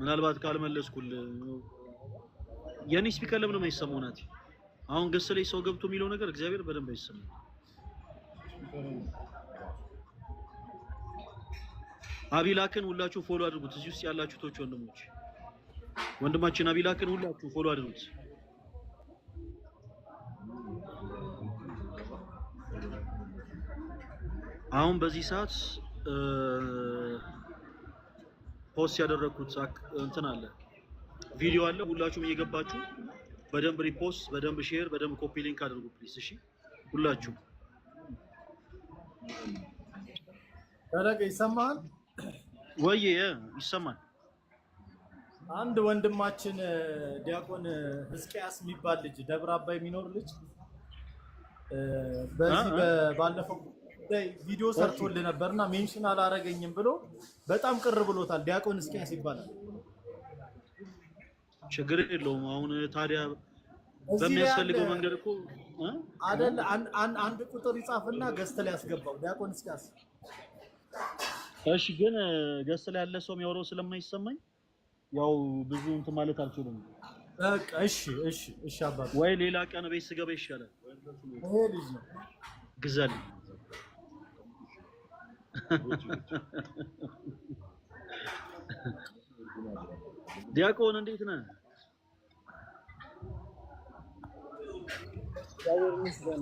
ምናልባት ካልመለስኩል የኔ ስፒከር ለምን የማይሰማው ናት? አሁን ገስ ላይ ሰው ገብቶ የሚለው ነገር እግዚአብሔር በደንብ አይሰማም። አቢላክን ሁላችሁ ፎሎ አድርጉት። እዚህ ውስጥ ያላችሁ ቶች ወንድሞች፣ ወንድማችን አቢላክን ሁላችሁ ፎሎ አድርጉት። አሁን በዚህ ሰዓት ፖስት ያደረኩት እንትን አለ ቪዲዮ አለ። ሁላችሁም እየገባችሁ በደንብ ሪፖስት፣ በደንብ ሼር፣ በደንብ ኮፒ ሊንክ አድርጉ ፕሊስ። እሺ ሁላችሁም ደረገ ይሰማል ወይ? ይሰማል። አንድ ወንድማችን ዲያቆን ህዝቅያስ የሚባል ልጅ ደብረ አባይ የሚኖር ልጅ በዚህ ባለፈው ጉዳይ ቪዲዮ ሰርቶልህ ነበርና ሜንሽን አላረገኝም ብሎ በጣም ቅር ብሎታል። ዲያቆን እስኪያስ ይባላል። ችግር የለውም። አሁን ታዲያ በሚያስፈልገው መንገድ እኮ አይደል አንድ ቁጥር ይጻፍና ገዝተ ላይ ያስገባው ዲያቆን እስኪያስ። እሺ፣ ግን ገዝተ ላይ ያለ ሰው የሚያወራው ስለማይሰማኝ ያው ብዙ እንትን ማለት አልችልም። በቃ እሺ፣ እሺ፣ እሺ አባባ ወይ ሌላ ቀን ቤት ስገባ ይሻላል። ይሄ ልጅ ነው ግዛልኝ ዲያቆን እንዴት ነህ?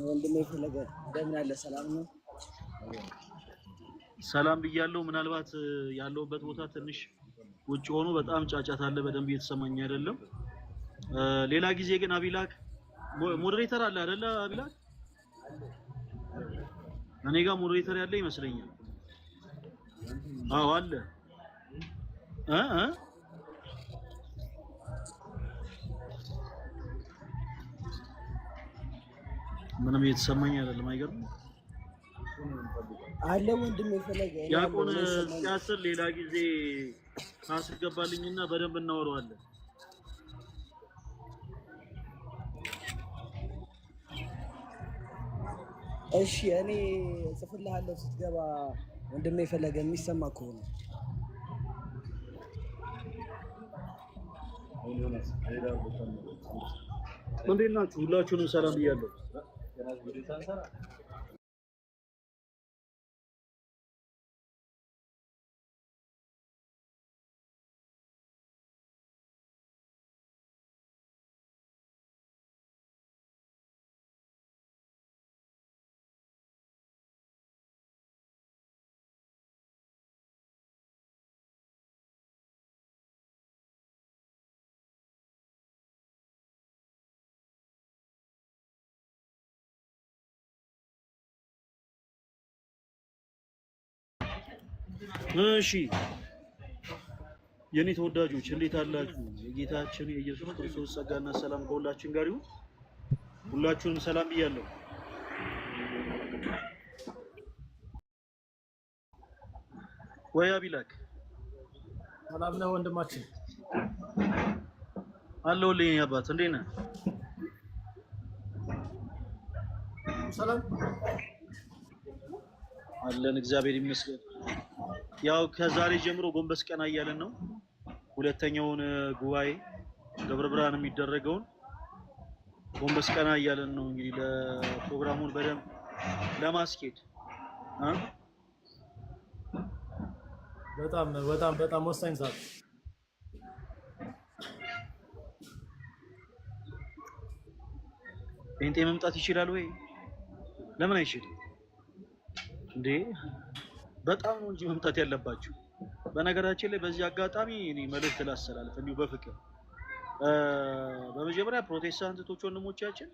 ወንድሜ ፈለገ እንደምን አለ? ሰላም ነው። ሰላም ብያለሁ። ምናልባት ያለሁበት ቦታ ትንሽ ውጭ ሆኖ በጣም ጫጫታ አለ፣ በደንብ እየተሰማኝ አይደለም። ሌላ ጊዜ ግን አቢላክ ሞዴሬተር አለ አይደለ? አቢላክ እኔ ጋር ሞዴሬተር ያለ ይመስለኛል። አዎ አለ እ እ ምንም እየተሰማኝ አይደለም። አይገርም አለ ወንድም የፈለገ ያቆነ ሲያስር ሌላ ጊዜ ታስገባልኝና በደንብ እናወራዋለን። እሺ እኔ ጽፍልሃለሁ ስትገባ ወንድሜ ፈለገ የሚሰማ ከሆነ እንዴት ናችሁ? ሁላችሁንም ሰላም ብያለሁ። እሺ የኔ ተወዳጆች እንዴት አላችሁ? የጌታችን የኢየሱስ ክርስቶስ ጸጋና ሰላም ከሁላችን ጋር ይሁን። ሁላችሁንም ሰላም ብያለሁ። ወያ ቢላክ ሰላም ነው ወንድማችን። አለሁልህ የኔ አባት እንዴት ነህ? ሰላም አለን፣ እግዚአብሔር ይመስገን። ያው ከዛሬ ጀምሮ ጎንበስ ቀና እያለን ነው። ሁለተኛውን ጉባኤ ገብረ ብርሃን የሚደረገውን ጎንበስ ቀና እያለን ነው። እንግዲህ ለፕሮግራሙን በደንብ ለማስኬድ በጣም በጣም በጣም ወሳኝ ሰዓት ጴንጤ መምጣት ይችላል ወይ? ለምን አይችልም እንዴ? በጣም ነው እንጂ መምጣት ያለባችሁ። በነገራችን ላይ በዚህ አጋጣሚ እኔ መልእክት ላስተላልፍ እንዲሁ በፍቅር በመጀመሪያ ፕሮቴስታንቶች ወንድሞቻችን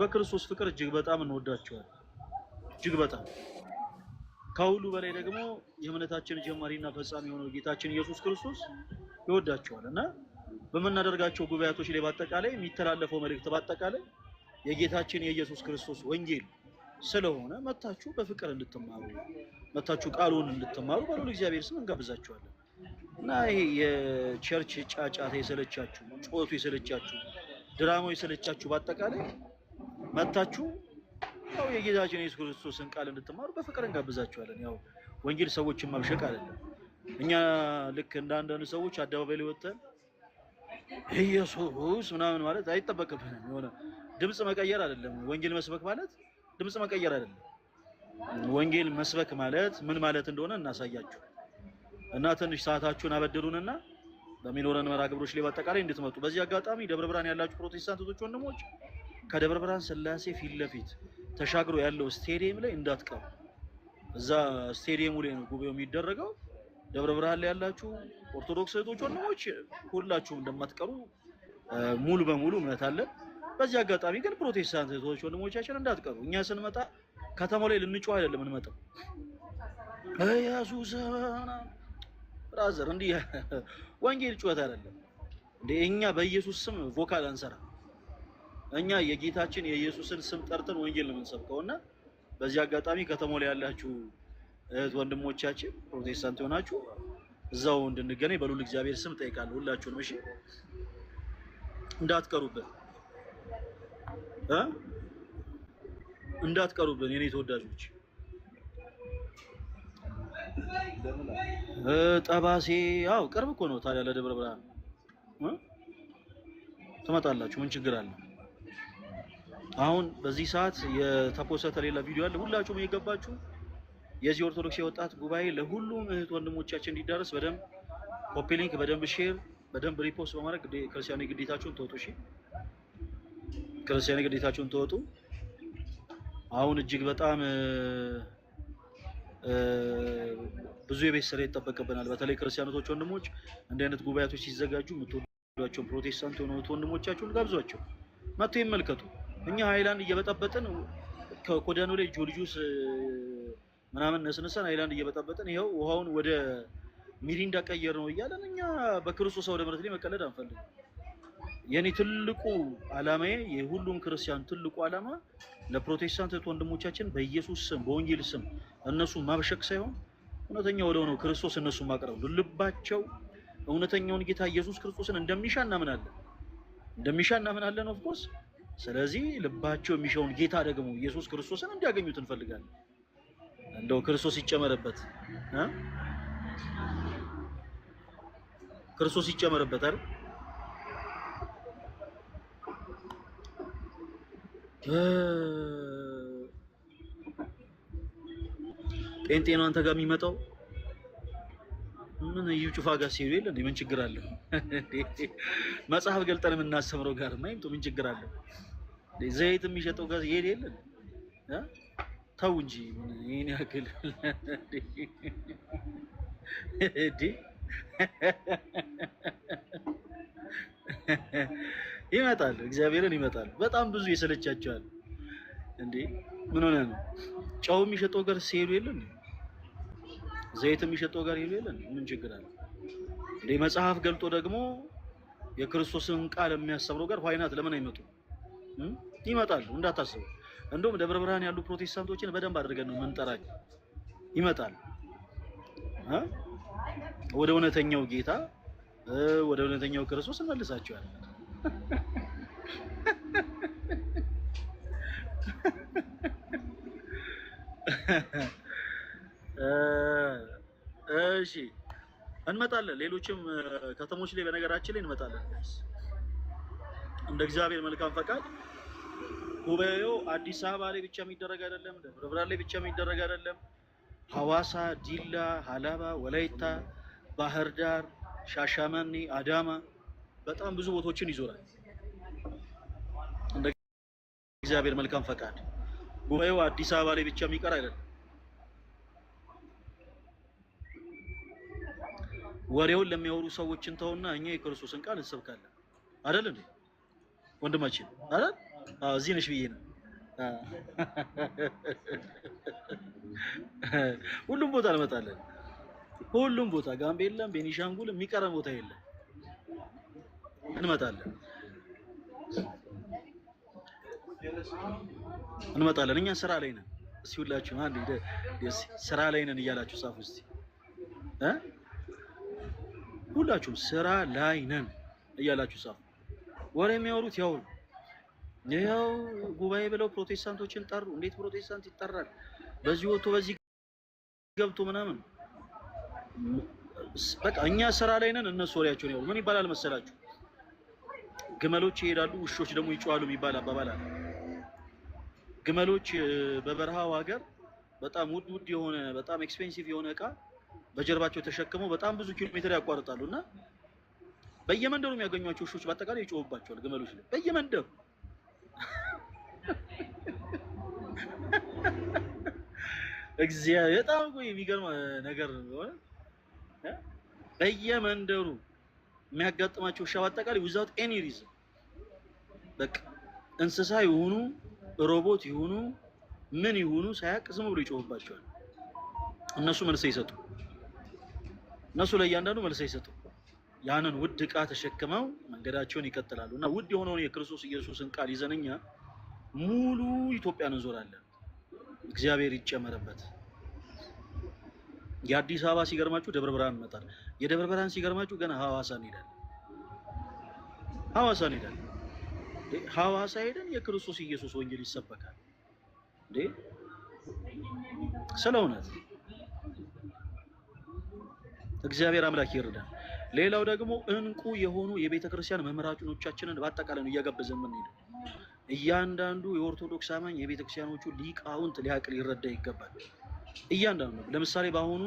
በክርስቶስ ፍቅር እጅግ በጣም እንወዳቸዋለን። እጅግ በጣም ከሁሉ በላይ ደግሞ የእምነታችን ጀማሪና ፈጻሚ የሆነው ጌታችን ኢየሱስ ክርስቶስ ይወዳቸዋል እና በምናደርጋቸው ጉባኤቶች ላይ በአጠቃላይ የሚተላለፈው መልእክት በአጠቃላይ የጌታችን የኢየሱስ ክርስቶስ ወንጌል ስለሆነ መታችሁ በፍቅር እንድትማሩ መታችሁ ቃሉን እንድትማሩ በሉል እግዚአብሔር ስም እንጋብዛችኋለን። እና ይሄ የቸርች ጫጫታ የሰለቻችሁ፣ ጮቱ የሰለቻችሁ፣ ድራማው የሰለቻችሁ በአጠቃላይ መታችሁ ያው የጌታችን የኢየሱስ ክርስቶስን ቃል እንድትማሩ በፍቅር እንጋብዛችኋለን። ያው ወንጌል ሰዎችን ማብሸቅ አይደለም። እኛ ልክ እንደ ሰዎች አደባባይ ላይ ወጥተን ኢየሱስ ምናምን ማለት አይጠበቅብንም። የሆነ ድምፅ መቀየር አይደለም ወንጌል መስበክ ማለት ድምፅ መቀየር አይደለም። ወንጌል መስበክ ማለት ምን ማለት እንደሆነ እናሳያችሁ እና ትንሽ ሰዓታችሁን አበድሩንና በሚኖረን መርሃ ግብሮች ላይ በአጠቃላይ እንድትመጡ በዚህ አጋጣሚ ደብረ ብርሃን ያላችሁ ፕሮቴስታንት ወንድሞች ከደብረ ብርሃን ስላሴ ፊት ለፊት ተሻግሮ ያለው ስቴዲየም ላይ እንዳትቀሩ። እዛ ስቴዲየሙ ላይ ነው ጉባኤው የሚደረገው። ደብረ ብርሃን ላይ ያላችሁ ኦርቶዶክስ እህቶች ወንድሞች ሁላችሁም እንደማትቀሩ ሙሉ በሙሉ እምነት አለን። በዚህ አጋጣሚ ግን ፕሮቴስታንት እህቶች ወንድሞቻችን እንዳትቀሩ። እኛ ስንመጣ ከተማው ላይ ልንጮህ አይደለም እንመጣው። ኢየሱስ ራዘር እንዲህ ወንጌል ጩኸት አይደለም እንዴ! እኛ በኢየሱስ ስም ቮካል አንሰራ። እኛ የጌታችን የኢየሱስን ስም ጠርተን ወንጌል ነው የምንሰብከው እና በዚህ አጋጣሚ ከተማው ላይ ያላችሁ እህት ወንድሞቻችን ፕሮቴስታንት የሆናችሁ እዛው እንድንገናኝ በሉል እግዚአብሔር ስም ጠይቃለሁ። ሁላችሁንም እሺ፣ እንዳትቀሩበት። እንዳትቀሩብን የኔ ተወዳጆች። ጠባሴ አው ቅርብ እኮ ነው ታዲያ ለደብረ ብርሃን ትመጣላችሁ። ምን ችግር አለ? አሁን በዚህ ሰዓት የተፖሰተ ሌላ ቪዲዮ አለ። ሁላችሁም የገባችሁ የዚህ ኦርቶዶክስ የወጣት ጉባኤ ለሁሉም እህት ወንድሞቻችን እንዲዳረስ በደንብ ኮፒ ሊንክ፣ በደንብ ሼር፣ በደንብ ሪፖስት በማድረግ ክርስቲያኑ ግዴታችሁን ተወጡ። እሺ ክርስቲያን ግዴታችሁን ተወጡ። አሁን እጅግ በጣም ብዙ የቤት ስራ ይጠበቅብናል። በተለይ ክርስቲያኖቶች ወንድሞች እንዲህ አይነት ጉባኤቶች ሲዘጋጁ የምትወዷቸውን ፕሮቴስታንት የሆኑት ወንድሞቻቸውን ጋብዟቸው መጥቶ ይመልከቱ። እኛ ሀይላንድ እየበጠበጥን ከኮዳኑ ላይ ጆልጁስ ምናምን ነስንሰን ሀይላንድ እየበጠበጥን ይኸው ውሃውን ወደ ሚሪንዳ ቀየር ነው እያለን እኛ በክርስቶስ ወደ ምሕረት ላይ መቀለድ አንፈልግም። የኔ ትልቁ ዓላማዬ የሁሉም ክርስቲያን ትልቁ ዓላማ ለፕሮቴስታንት እህት ወንድሞቻችን በኢየሱስ ስም በወንጌል ስም እነሱ ማብሸቅ ሳይሆን እውነተኛ ወደ ሆነው ክርስቶስ እነሱ ማቅረብ ልባቸው እውነተኛውን ጌታ ኢየሱስ ክርስቶስን እንደሚሻ እናምናለን እንደሚሻ እናምናለን ኦፍኮርስ። ስለዚህ ልባቸው የሚሻውን ጌታ ደግሞ ኢየሱስ ክርስቶስን እንዲያገኙት እንፈልጋለን። እንደው ክርስቶስ ይጨመርበት ክርስቶስ ይጨመርበት አይደል? ጴንጤ ነው አንተ ጋር የሚመጣው። ምን እዩ ጩፋ ጋር ሲሄዱ የለ ምን ችግር አለ? መጽሐፍ ገልጠን የምናስተምረው ጋር ማይምጡ ምን ችግር አለ? ዘይት የሚሸጠው ጋር ይሄድ የለ ተው እንጂ ይህን ያክል እንዴ ይመጣል፣ እግዚአብሔርን ይመጣል። በጣም ብዙ የሰለቻቸዋል። እንዴ ምን ሆነ ነው? ጨው የሚሸጠው ጋር ሲሄዱ የለን ዘይት የሚሸጠው ጋር ሄዱ የለን ምን ችግር አለ እንዴ? መጽሐፍ ገልጦ ደግሞ የክርስቶስን ቃል የሚያስተምረው ጋር ኋይናት ለምን አይመጡም? ይመጣሉ፣ እንዳታስቡ። እንደውም ደብረ ብርሃን ያሉ ፕሮቴስታንቶችን በደንብ አድርገን ነው የምንጠራቸው። ይመጣል ወደ እውነተኛው ጌታ ወደ እውነተኛው ክርስቶስ እንመልሳቸዋለን። እሺ እንመጣለን። ሌሎችም ከተሞች ላይ በነገራችን ላይ እንመጣለን። እንደ እግዚአብሔር መልካም ፈቃድ ጉባኤው አዲስ አበባ ላይ ብቻ የሚደረግ አይደለም፣ ደብረ ብርሃን ላይ ብቻ የሚደረግ አይደለም። ሐዋሳ፣ ዲላ፣ ሀላባ፣ ወላይታ፣ ባህር ዳር፣ ሻሻመኔ፣ አዳማ በጣም ብዙ ቦታዎችን ይዞራል። እንደ እግዚአብሔር መልካም ፈቃድ ጉባኤው አዲስ አበባ ላይ ብቻ የሚቀር አይደለም። ወሬውን ለሚያወሩ ሰዎች እንተውና እኛ የክርስቶስን ቃል እንሰብካለን። አይደል እንዴ ወንድማችን? አይደል? አዎ፣ እዚህ ነሽ ብዬ ነው። ሁሉም ቦታ እንመጣለን። ሁሉም ቦታ ጋምቤላም፣ ቤኒሻንጉልም የሚቀረን ቦታ የለም። እንመጣለን እንመጣለን። እኛ ስራ ላይ ነን። እስኪ ሁላችሁም አንድ ስራ ላይ ነን እያላችሁ ጻፉ እስቲ እ ሁላችሁም ስራ ላይ ነን እያላችሁ ጻፉ። ወሬ የሚያወሩት ያው ይኸው ጉባኤ ብለው ፕሮቴስታንቶችን ጠሩ። እንዴት ፕሮቴስታንት ይጠራል? በዚህ ወጥቶ በዚህ ገብቶ ምናምን። በቃ እኛ ስራ ላይ ነን፣ እነሱ ወሬያቸውን ያወሩ። ምን ይባላል መሰላችሁ ግመሎች ይሄዳሉ ውሾች ደግሞ ይጮዋሉ የሚባል አባባል አለ። ግመሎች በበረሃው ሀገር በጣም ውድ ውድ የሆነ በጣም ኤክስፔንሲቭ የሆነ እቃ በጀርባቸው ተሸክመው በጣም ብዙ ኪሎ ሜትር ያቋርጣሉ እና በየመንደሩ የሚያገኟቸው ውሾች በአጠቃላይ ይጮሁባቸዋል። ግመሎች ላይ በየመንደሩ እግዚአብሔር በጣም የሚገርም ነገር ሆነ በየመንደሩ የሚያጋጥማቸው ውሻ በአጠቃላይ ዊዛውት ኤኒ ሪዝን በቃ እንስሳ ይሁኑ ሮቦት ይሁኑ ምን ይሁኑ ሳያቅ ዝም ብሎ ይጮህባቸዋል። እነሱ መልስ ይሰጡ እነሱ ለእያንዳንዱ መልስ ይሰጡ። ያንን ውድ ዕቃ ተሸክመው መንገዳቸውን ይቀጥላሉ። እና ውድ የሆነውን የክርስቶስ ኢየሱስን ቃል ይዘን እኛ ሙሉ ኢትዮጵያን እንዞራለን። እግዚአብሔር ይጨመርበት። የአዲስ አበባ ሲገርማችሁ ደብረ ብርሃን እንመጣለን። የደብረ ብርሃን ሲገርማችሁ ገና ሐዋሳ እንሄዳለን። ሐዋሳ እንሄዳለን። ሐዋሳ ሄደን የክርስቶስ ኢየሱስ ወንጌል ይሰበካል እንዴ ስለ እውነት እግዚአብሔር አምላክ ይርዳል። ሌላው ደግሞ እንቁ የሆኑ የቤተ ክርስቲያን መምህራኖቻችንን በአጠቃላይ ነው እያጋበዘን የምንሄደው። እያንዳንዱ የኦርቶዶክስ አማኝ የቤተ ክርስቲያኖቹ ሊቃውንት ሊያቅል ሊረዳ ይገባል። እያንዳንዱ ለምሳሌ በአሁኑ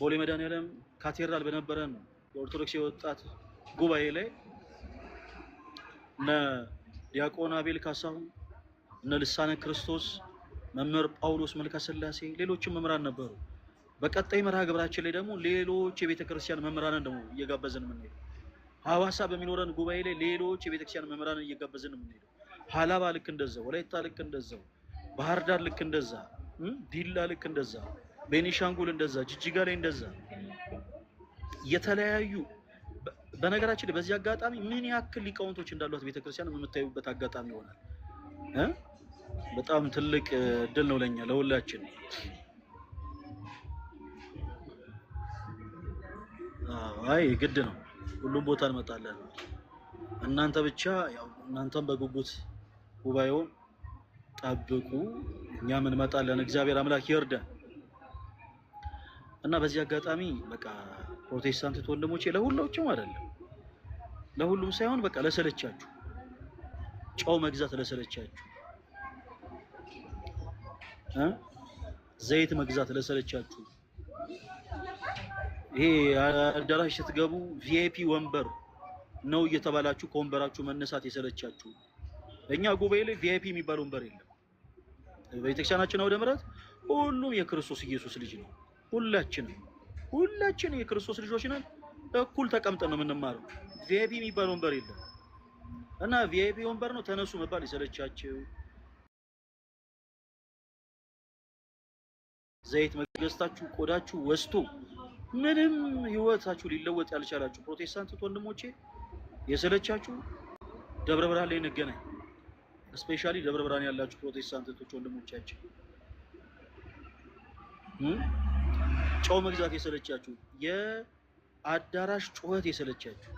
ቦሌ መድኃኔዓለም ካቴድራል ነው የኦርቶዶክስ የወጣት ጉባኤ ላይ እነ ዲያቆን አቤል ካሳሁን፣ እነ ልሳነ ክርስቶስ መምህር ጳውሎስ መልካ ስላሴ፣ ሌሎችም መምህራን ነበሩ። በቀጣይ መርሃ ግብራችን ላይ ደግሞ ሌሎች የቤተ ክርስቲያን መምህራንን ደግሞ እየጋበዝን የምንሄደው ሀዋሳ በሚኖረን ጉባኤ ላይ ሌሎች የቤተ ክርስቲያን መምህራንን እየጋበዝን የምንሄደው ሀላባ ልክ እንደዛ፣ ወላይታ ልክ እንደዛው፣ ባህር ዳር ልክ እንደዛ፣ ዲላ ልክ እንደዛ ቤኒሻንጉል እንደዛ፣ ጅጅጋ ላይ እንደዛ የተለያዩ በነገራችን ላይ በዚህ አጋጣሚ ምን ያክል ሊቃውንቶች እንዳሏት ቤተክርስቲያን የምታዩበት አጋጣሚ ይሆናል። በጣም ትልቅ ድል ነው ለኛ ለሁላችን። አይ ግድ ነው፣ ሁሉም ቦታ እንመጣለን። እናንተ ብቻ ያው እናንተም በጉጉት ጉባኤውን ጠብቁ፣ እኛም እንመጣለን። እግዚአብሔር አምላክ ይርዳን። እና በዚህ አጋጣሚ በቃ ፕሮቴስታንት ወንድሞቼ ለሁላችሁም አይደለም ለሁሉም ሳይሆን በቃ ለሰለቻችሁ ጨው መግዛት ለሰለቻችሁ እ ዘይት መግዛት ለሰለቻችሁ ይሄ አዳራሽ ስትገቡ ቪአይፒ ወንበር ነው እየተባላችሁ ከወንበራችሁ መነሳት የሰለቻችሁ። እኛ ጉባኤ ላይ ቪአይፒ የሚባል ወንበር የለም። በቤተክርስቲያናችን አውደ ምሕረት ሁሉም የክርስቶስ ኢየሱስ ልጅ ነው። ሁላችንም ሁላችን የክርስቶስ ልጆች ነን። እኩል ተቀምጠን ነው የምንማረው። ቪአይፒ የሚባል ወንበር የለም እና ቪአይፒ ወንበር ነው ተነሱ መባል የሰለቻቸው ዘይት መገዝታችሁ ቆዳችሁ ወስቶ ምንም ህይወታችሁ ሊለወጥ ያልቻላችሁ ፕሮቴስታንት ወንድሞቼ የሰለቻችሁ ደብረ ብርሃን ላይ እንገናኝ። እስፔሻሊ ደብረ ብርሃን ያላችሁ ፕሮቴስታንት ወንድሞቻችን ጨው መግዛት የሰለቻችሁ፣ የአዳራሽ ጩኸት የሰለቻችሁ፣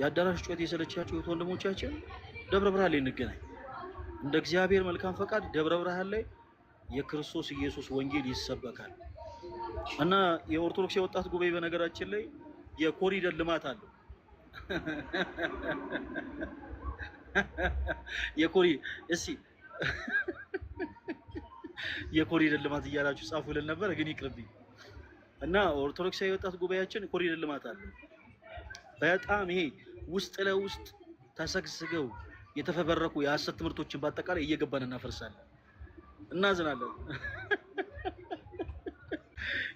የአዳራሽ ጩኸት የሰለቻችሁ እህት ወንድሞቻችን ደብረ ብርሃን ላይ እንገናኝ። እንደ እግዚአብሔር መልካም ፈቃድ ደብረ ብርሃን ላይ የክርስቶስ ኢየሱስ ወንጌል ይሰበካል እና የኦርቶዶክስ የወጣት ጉባኤ በነገራችን ላይ የኮሪደር ልማት አለ። የኮሪ እስኪ የኮሪደር ልማት እያላችሁ ጻፉልን ይለን ነበር፣ ግን ይቅርብኝ እና ኦርቶዶክሳዊ ወጣት ጉባኤያችን ኮሪደር ልማት አለ። በጣም ይሄ ውስጥ ለውስጥ ተሰግስገው የተፈበረኩ የሐሰት ትምህርቶችን በአጠቃላይ እየገባን እናፈርሳለን፣ እናዝናለን።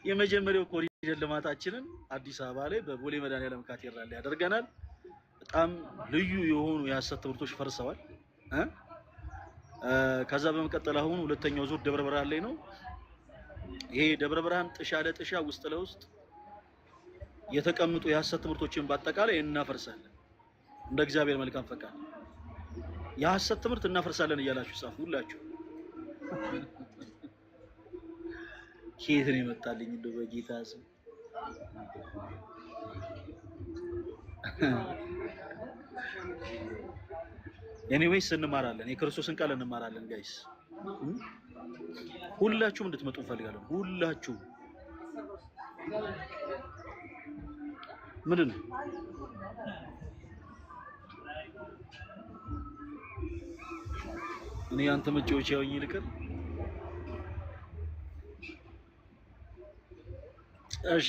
የመጀመሪያው ኮሪደር ልማታችንን አዲስ አበባ ላይ በቦሌ መድኃኔዓለም ካቴድራል ያደርገናል። በጣም ልዩ የሆኑ የሐሰት ትምህርቶች ፈርሰዋል። ከዛ በመቀጠል አሁን ሁለተኛው ዙር ደብረ ብርሃን ላይ ነው። ይሄ ደብረ ብርሃን ጥሻ ለጥሻ ውስጥ ለውስጥ የተቀምጡ የሐሰት ትምህርቶችን በአጠቃላይ እናፈርሳለን እንደ እግዚአብሔር መልካም ፈቃድ የሐሰት ትምህርት እናፈርሳለን እያላችሁ ጻፉ። ሁላችሁ ኬት ነው የመጣልኝ? እንደው በጌታ ስም ኤኒዌይስ እንማራለን፣ የክርስቶስን ቃል እንማራለን። ጋይስ ሁላችሁም እንድትመጡ እንፈልጋለን። ሁላችሁ ምንድን ነው እኔ አንተ መጫወቻ ያውኝ ልቀር። እሺ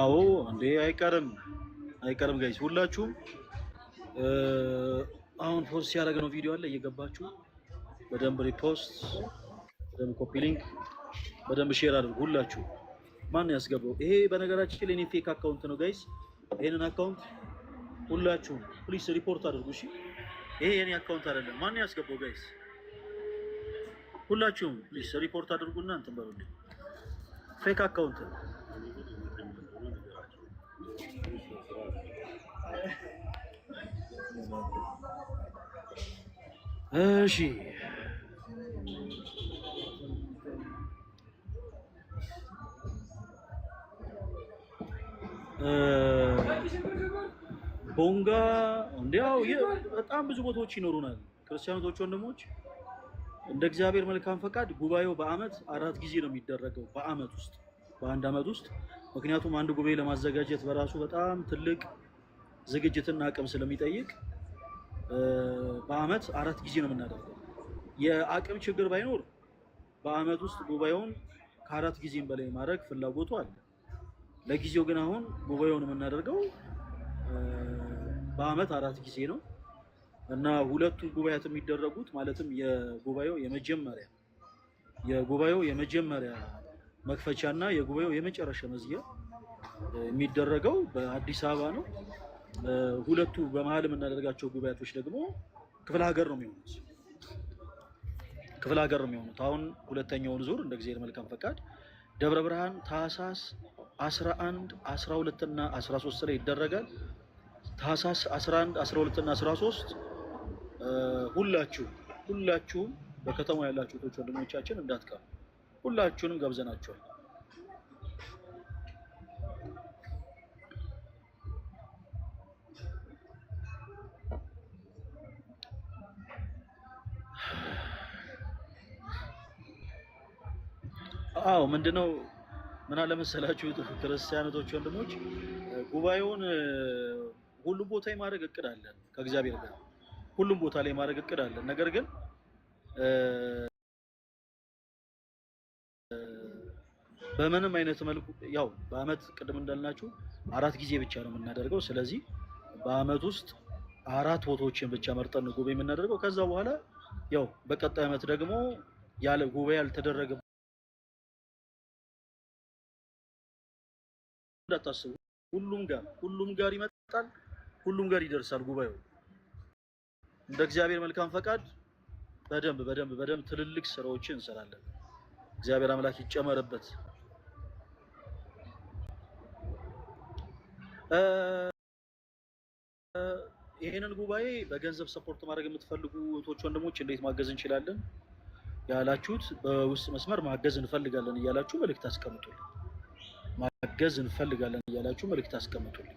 አዎ እንዴ አይቀርም አይቀርም። ጋይስ ሁላችሁም አሁን ፖስት ነው ቪዲዮ አለ እየገባችሁ በደንብ ሪፖስት፣ በደንብ ኮፒ ሊንክ፣ በደንብ ሼር አድርጉ። ሁላችሁ ማን ያስገባው? ይሄ በነገራችን ለኔ እኔ ፌክ አካውንት ነው ጋይስ። ይሄንን አካውንት ሁላችሁም ፕሊስ ሪፖርት አድርጉ። እሺ ይሄ የኔ አካውንት አይደለም። ማን ያስገባው ጋይስ? ሁላችሁም ፕሊስ ሪፖርት አድርጉና እንትን በሉልኝ። ፌክ አካውንት ነው። እሺ ቦንጋ እንዲያው በጣም ብዙ ቦታዎች ይኖሩናል። ክርስቲያኖቶች ወንድሞች፣ እንደ እግዚአብሔር መልካም ፈቃድ ጉባኤው በአመት አራት ጊዜ ነው የሚደረገው በአመት ውስጥ በአንድ አመት ውስጥ። ምክንያቱም አንድ ጉባኤ ለማዘጋጀት በራሱ በጣም ትልቅ ዝግጅትና አቅም ስለሚጠይቅ በአመት አራት ጊዜ ነው የምናደርገው። የአቅም ችግር ባይኖር በአመት ውስጥ ጉባኤውን ከአራት ጊዜም በላይ ማድረግ ፍላጎቱ አለ። ለጊዜው ግን አሁን ጉባኤውን የምናደርገው በአመት አራት ጊዜ ነው እና ሁለቱ ጉባኤያት የሚደረጉት ማለትም የጉባኤው የመጀመሪያ የጉባኤው የመጀመሪያ መክፈቻ እና የጉባኤው የመጨረሻ መዝጊያ የሚደረገው በአዲስ አበባ ነው። ሁለቱ በመሀል የምናደርጋቸው ጉባኤቶች ደግሞ ክፍለ ሀገር ነው የሚሆኑት። ክፍለ ሀገር ነው የሚሆኑት። አሁን ሁለተኛውን ዙር እንደ ጊዜ መልካም ፈቃድ ደብረ ብርሃን ታህሳስ 11፣ 12 እና 13 ላይ ይደረጋል። ታህሳስ 11፣ 12 እና 13 ሁላችሁ ሁላችሁም በከተማ ያላችሁ ወንድሞቻችን እንዳትቀሩ ሁላችሁንም ገብዘናቸዋል። አዎ ምንድነው ምን አለ መሰላችሁ ክርስቲያኖች ወንድሞች፣ ጉባኤውን ሁሉም ቦታ ላይ ማድረግ እቅድ አለን ከእግዚአብሔር ጋር ሁሉም ቦታ ላይ ማድረግ እቅድ አለን። ነገር ግን በምንም አይነት መልኩ ያው በአመት ቅድም እንዳልናችሁ አራት ጊዜ ብቻ ነው የምናደርገው። ስለዚህ በአመት ውስጥ አራት ቦታዎችን ብቻ መርጠን ጉባኤ የምናደርገው። ከዛ በኋላ ያው በቀጣይ አመት ደግሞ ያለ ጉባኤ ያልተደረገ እንዳታስቡ። ሁሉም ጋር ሁሉም ጋር ይመጣል፣ ሁሉም ጋር ይደርሳል። ጉባኤው እንደ እግዚአብሔር መልካም ፈቃድ በደንብ በደንብ በደንብ ትልልቅ ስራዎችን እንሰራለን። እግዚአብሔር አምላክ ይጨመርበት። ይህንን ጉባኤ በገንዘብ ሰፖርት ማድረግ የምትፈልጉ እህቶች ወንድሞች፣ እንዴት ማገዝ እንችላለን ያላችሁት በውስጥ መስመር ማገዝ እንፈልጋለን እያላችሁ መልእክት አስቀምጡልን። ማገዝ እንፈልጋለን እያላችሁ መልእክት አስቀምጡልኝ።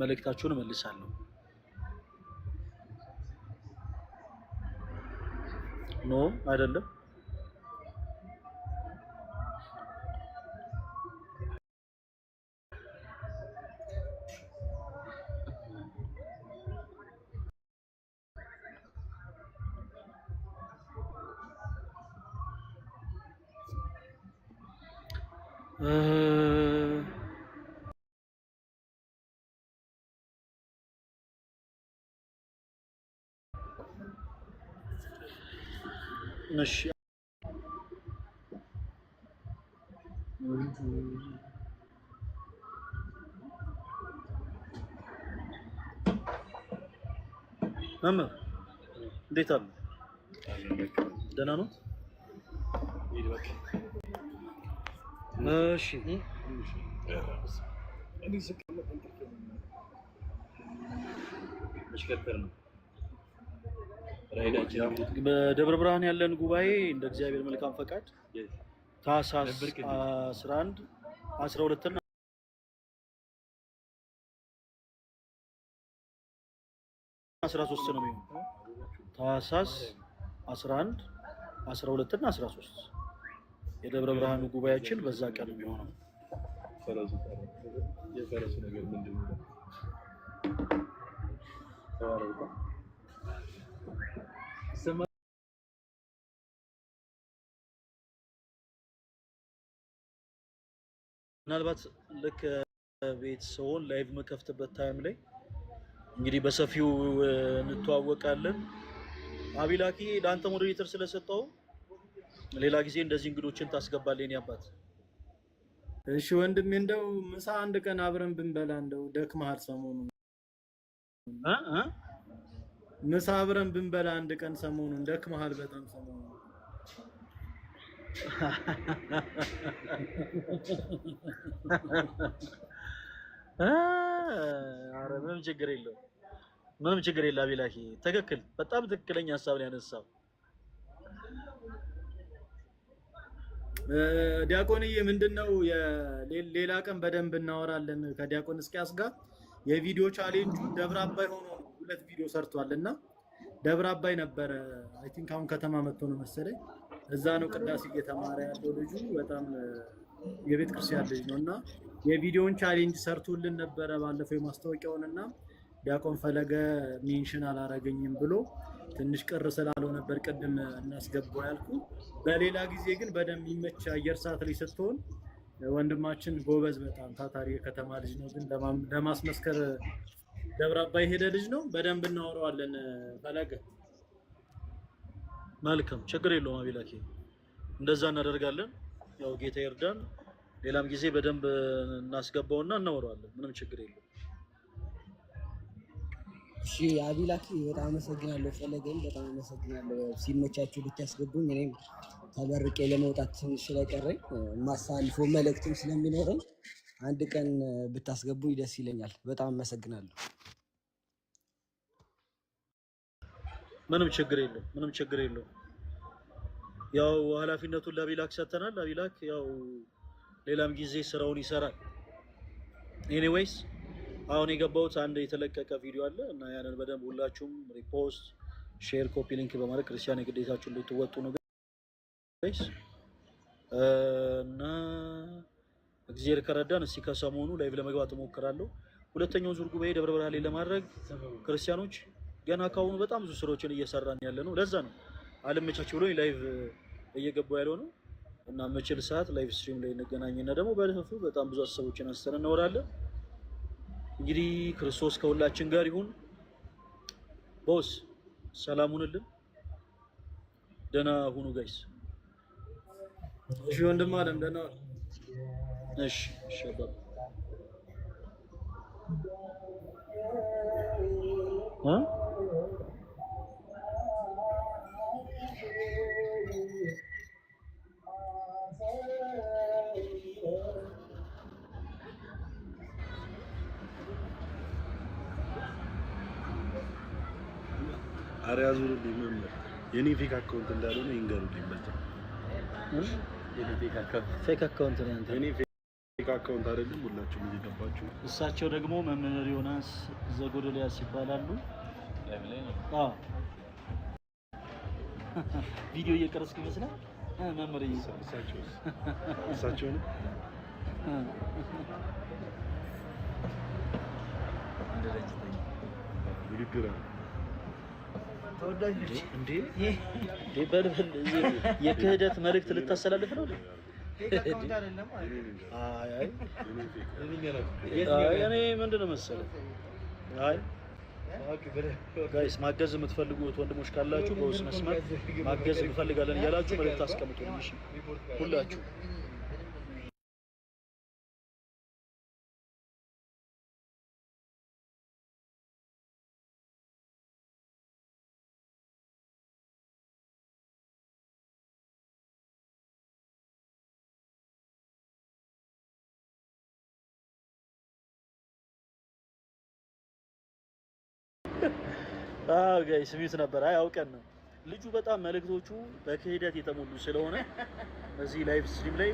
መልእክታችሁን እመልሳለሁ። ኖ አይደለም። yanlış. Mama, dit aan. Dan aan het? Hier wat. Nee, shit. Ja, En die is een keer met een keer. Misschien በደብረ ብርሃን ያለን ጉባኤ እንደ እግዚአብሔር መልካም ፈቃድ ታህሳስ 11 12 አስራ ሶስት ነው የሚሆነው። ታህሳስ 11 12 እና 13 የደብረ ብርሃኑ ጉባኤያችን በዛ ቀን የሚሆነው ነው? some ምናልባት ልክ ቤት ሰውን ላይቭ መከፍትበት ታይም ላይ እንግዲህ በሰፊው እንተዋወቃለን። አቢላኪ ለአንተ ሞዴሬተር ስለሰጠው ሌላ ጊዜ እንደዚህ እንግዶችን ታስገባለን። ያባት እሺ ወንድሜ፣ እንደው ምሳ አንድ ቀን አብረን ብንበላ እንደው ደክመሃል ሰሞኑን ምሳ አብረን ብንበላ አንድ ቀን ሰሞኑን ደክመሃል በጣም ሰሞኑን። ምንም ችግር የለው፣ ምንም ችግር የለ። አቢላሂ ትክክል፣ በጣም ትክክለኛ ሀሳብ ነው ያነሳው። ዲያቆንዬ ምንድነው ሌላ ቀን በደንብ እናወራለን ከዲያቆን እስኪያስ ጋር የቪዲዮ ቻሌንጁ ደብረ አባይ ሆኖ የሚያቀርብለት ቪዲዮ ሰርቷል እና ደብረ አባይ ነበረ አይ ቲንክ አሁን ከተማ መጥቶ ነው መሰለኝ። እዛ ነው ቅዳሴ እየተማረ ያለው ልጁ። በጣም የቤተ ክርስቲያን ልጅ ነው እና የቪዲዮውን ቻሌንጅ ሰርቶልን ነበረ ባለፈው የማስታወቂያውን እና ዲያቆን ፈለገ ሜንሽን አላረገኝም ብሎ ትንሽ ቅር ስላለው ነበር ቅድም እናስገባው ያልኩ። በሌላ ጊዜ ግን በደንብ የሚመች አየር ሰዓት ላይ ስትሆን ወንድማችን ጎበዝ፣ በጣም ታታሪ የከተማ ልጅ ነው። ግን ለማስመስከር ደብረ አባይ ሄደ ልጅ ነው። በደንብ እናወራዋለን። ፈለገ መልካም፣ ችግር የለውም አቢላኪ፣ እንደዛ እናደርጋለን። ያው ጌታ ይርዳን። ሌላም ጊዜ በደንብ እናስገባውና እናወራዋለን። ምንም ችግር የለውም። እሺ አቢላኪ በጣም አመሰግናለሁ። ፈለገን በጣም አመሰግናለሁ። ሲመቻችሁ ብታስገቡኝ እኔም ተመርቄ ለመውጣት ትንሽ ስለቀረኝ ማሳልፎ መልእክትም ስለሚኖረኝ አንድ ቀን ብታስገቡኝ ደስ ይለኛል። በጣም አመሰግናለሁ። ምንም ችግር የለው፣ ምንም ችግር የለው። ያው ኃላፊነቱን ለቢላክ ሰጥተናል። ለቢላክ ያው ሌላም ጊዜ ስራውን ይሰራል። ኤኒዌይስ አሁን የገባሁት አንድ የተለቀቀ ቪዲዮ አለ እና ያንን በደንብ ሁላችሁም ሪፖስት፣ ሼር፣ ኮፒ ሊንክ በማድረግ ክርስቲያን የግዴታችሁን ልትወጡ ነው እና እግዚአብሔር ከረዳን እስኪ ከሰሞኑ ላይቭ ለመግባት እሞክራለሁ። ሁለተኛውን ዙር ጉባኤ ደብረ ብርሃን ላይ ለማድረግ ክርስቲያኖች ገና ካሁኑ በጣም ብዙ ስራዎችን እየሰራን ያለ ነው። ለዛ ነው አልመቻች ብሎ ላይቭ እየገባው ያለው ነው እና መችል ሰዓት ላይቭ ስትሪም ላይ እንገናኝና ደግሞ በደፈፉ በጣም ብዙ ሀሳቦችን አንስተን እናወራለን። እንግዲህ ክርስቶስ ከሁላችን ጋር ይሁን። ቦስ ሰላም ሁንልን። ደህና ሁኑ ጋይስ። እሺ ወንድም አለም ደህና ايش شباب ها አርያዙሩልኝ መምህር የኔ ፌክ አካውንት እንዳልሆነ ይንገሩልኝ በዛ ፌክ አካውንት ነው ያንተ አካውንት አይደለም ሁላችሁም እየገባችሁ። እሳቸው ደግሞ መምህር ዮናስ ዘጎደልያስ ይባላሉ። ቪዲዮ እየቀረስክ ይመስላል መምህር እሳቸው ንግግር ተወዳጆች እንዴ በልበል የክህደት መልእክት ልታስተላልፍ ነው። እኔ ምንድን ነው መሰለህ፣ ማገዝ የምትፈልጉት ወንድሞች ካላችሁ በውስጥ መስመር ማገዝ እንፈልጋለን እያላችሁ መልዕክት አስቀምጡልኝ ሁላችሁ። አዎ ጋይስ ሚዩት ነበር። አይ አውቀን ነው ልጁ በጣም መልእክቶቹ በክህደት የተሞሉ ስለሆነ እዚህ ላይቭ ስትሪም ላይ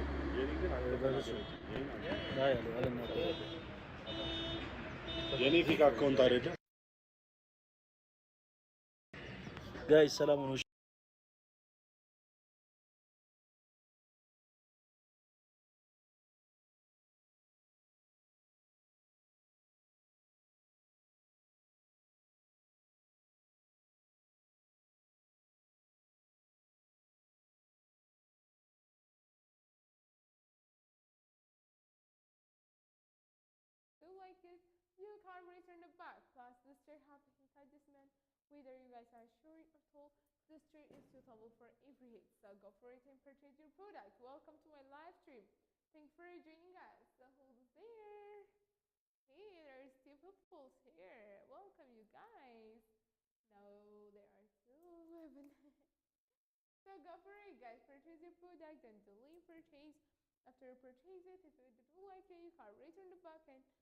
የኔ ፊክ አካውንት አይደለም ጋይስ ሰላም ነው። back, class. The stair happens inside this man. Whether you guys are sure or tall, the stair is suitable for every hit. So go for it and purchase your product. Welcome to my live stream. Thanks for joining us. So holes there. Hey, there is are still people here. Welcome, you guys. No, there are still women. so go for it, guys. Purchase your product and delete purchase. After you purchase it, if you do not like it, you can return the back and